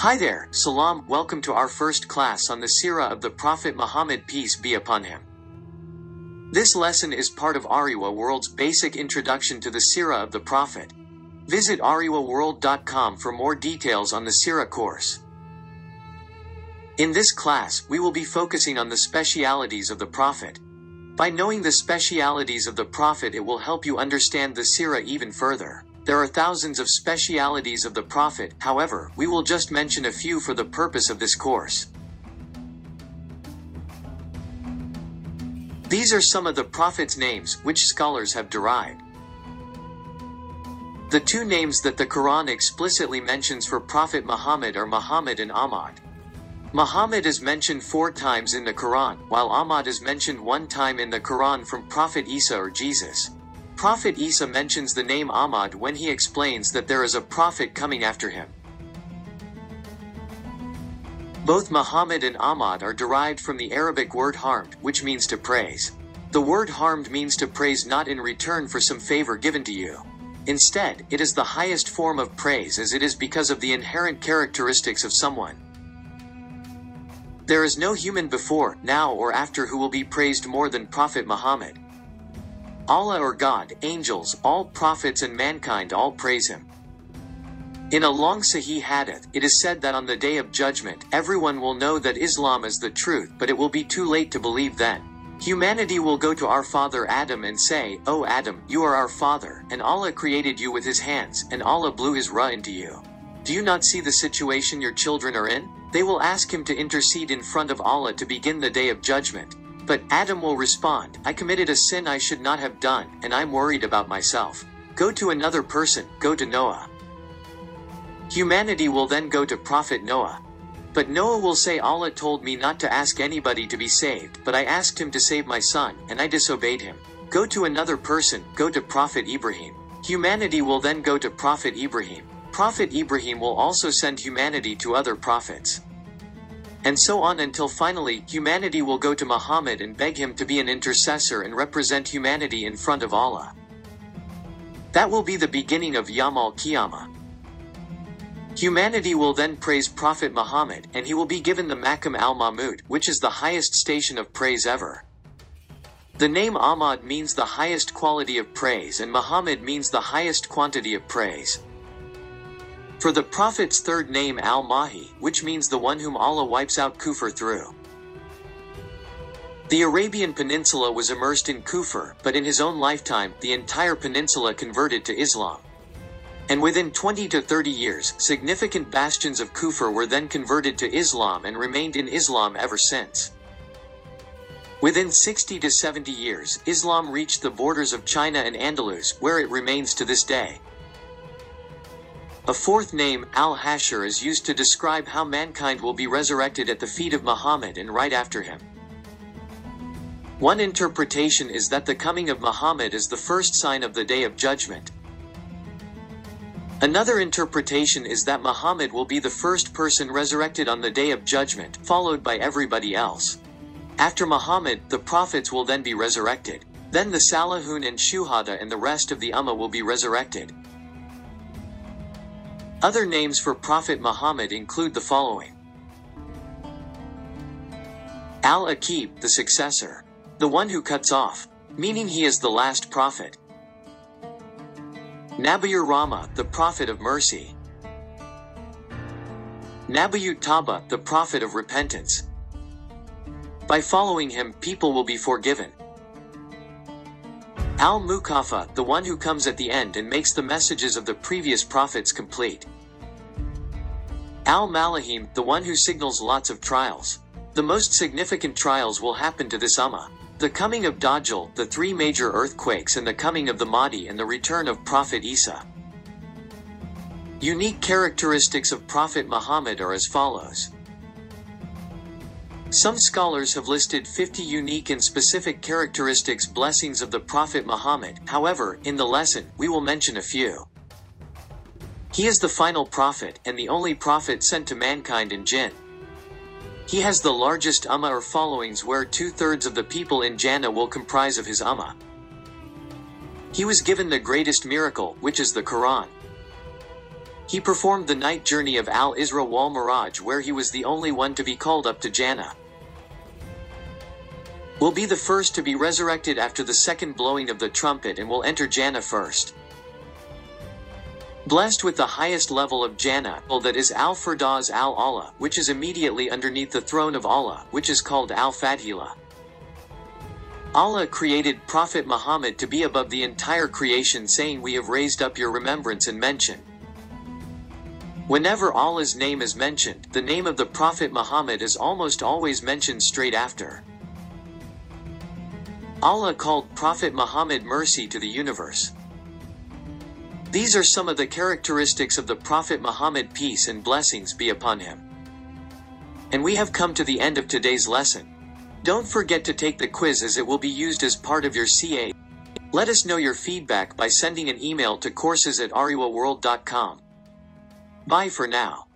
Hi there, Salam, welcome to our first class on the Sirah of the Prophet Muhammad peace be upon him. This lesson is part of Ariwa World's basic introduction to the Sirah of the Prophet. Visit ariwaworld.com for more details on the Sirah course. In this class, we will be focusing on the specialities of the Prophet. By knowing the specialities of the Prophet it will help you understand the Sirah even further. There are thousands of specialities of the Prophet, however, we will just mention a few for the purpose of this course. These are some of the Prophet's names which scholars have derived. The two names that the Quran explicitly mentions for Prophet Muhammad are Muhammad and Ahmad. Muhammad is mentioned four times in the Quran, while Ahmad is mentioned one time in the Quran from Prophet Isa or Jesus. Prophet Isa mentions the name Ahmad when he explains that there is a prophet coming after him. Both Muhammad and Ahmad are derived from the Arabic word harmed, which means to praise. The word harmed means to praise not in return for some favor given to you. Instead, it is the highest form of praise as it is because of the inherent characteristics of someone. There is no human before, now, or after who will be praised more than Prophet Muhammad. Allah or God, angels, all prophets and mankind all praise him. In a long Sahih hadith, it is said that on the day of judgment, everyone will know that Islam is the truth, but it will be too late to believe then. Humanity will go to our father Adam and say, O oh Adam, you are our father, and Allah created you with his hands, and Allah blew his ra into you. Do you not see the situation your children are in? They will ask him to intercede in front of Allah to begin the day of judgment. But Adam will respond, I committed a sin I should not have done, and I'm worried about myself. Go to another person, go to Noah. Humanity will then go to Prophet Noah. But Noah will say Allah told me not to ask anybody to be saved, but I asked him to save my son, and I disobeyed him. Go to another person, go to Prophet Ibrahim. Humanity will then go to Prophet Ibrahim. Prophet Ibrahim will also send humanity to other prophets and so on until finally humanity will go to Muhammad and beg him to be an intercessor and represent humanity in front of Allah. That will be the beginning of Yamal Qiyamah. Humanity will then praise Prophet Muhammad, and he will be given the Makam al-Mahmud, which is the highest station of praise ever. The name Ahmad means the highest quality of praise and Muhammad means the highest quantity of praise. For the Prophet's third name Al Mahi, which means the one whom Allah wipes out Kufr through. The Arabian Peninsula was immersed in Kufr, but in his own lifetime, the entire peninsula converted to Islam. And within 20 to 30 years, significant bastions of Kufr were then converted to Islam and remained in Islam ever since. Within 60 to 70 years, Islam reached the borders of China and Andalus, where it remains to this day. A fourth name, Al-Hashir, is used to describe how mankind will be resurrected at the feet of Muhammad and right after him. One interpretation is that the coming of Muhammad is the first sign of the Day of Judgment. Another interpretation is that Muhammad will be the first person resurrected on the Day of Judgment, followed by everybody else. After Muhammad, the prophets will then be resurrected. Then the Salihun and Shuhada and the rest of the Ummah will be resurrected. Other names for Prophet Muhammad include the following. Al-Aqib, the successor, the one who cuts off, meaning he is the last prophet. Nabiyur Rama, the prophet of mercy. Nabiyut Taba, the prophet of repentance. By following him, people will be forgiven. Al Mukafa, the one who comes at the end and makes the messages of the previous prophets complete. Al Malahim, the one who signals lots of trials. The most significant trials will happen to this Ummah. The coming of Dajjal, the three major earthquakes and the coming of the Mahdi and the return of Prophet Isa. Unique characteristics of Prophet Muhammad are as follows. Some scholars have listed 50 unique and specific characteristics blessings of the Prophet Muhammad, however, in the lesson, we will mention a few. He is the final prophet and the only prophet sent to mankind in jinn. He has the largest ummah or followings where two-thirds of the people in Jannah will comprise of his ummah. He was given the greatest miracle, which is the Quran. He performed the night journey of Al Isra wal Miraj, where he was the only one to be called up to Jannah. Will be the first to be resurrected after the second blowing of the trumpet and will enter Jannah first. Blessed with the highest level of Jannah, that is Al-Firdaz Al-Allah, which is immediately underneath the throne of Allah, which is called Al-Fadhila. Allah created Prophet Muhammad to be above the entire creation saying we have raised up your remembrance and mention. Whenever Allah's name is mentioned, the name of the Prophet Muhammad is almost always mentioned straight after. Allah called Prophet Muhammad mercy to the universe. These are some of the characteristics of the Prophet Muhammad peace and blessings be upon him. And we have come to the end of today's lesson. Don't forget to take the quiz as it will be used as part of your CA. Let us know your feedback by sending an email to courses at ariwaworld.com. Bye for now.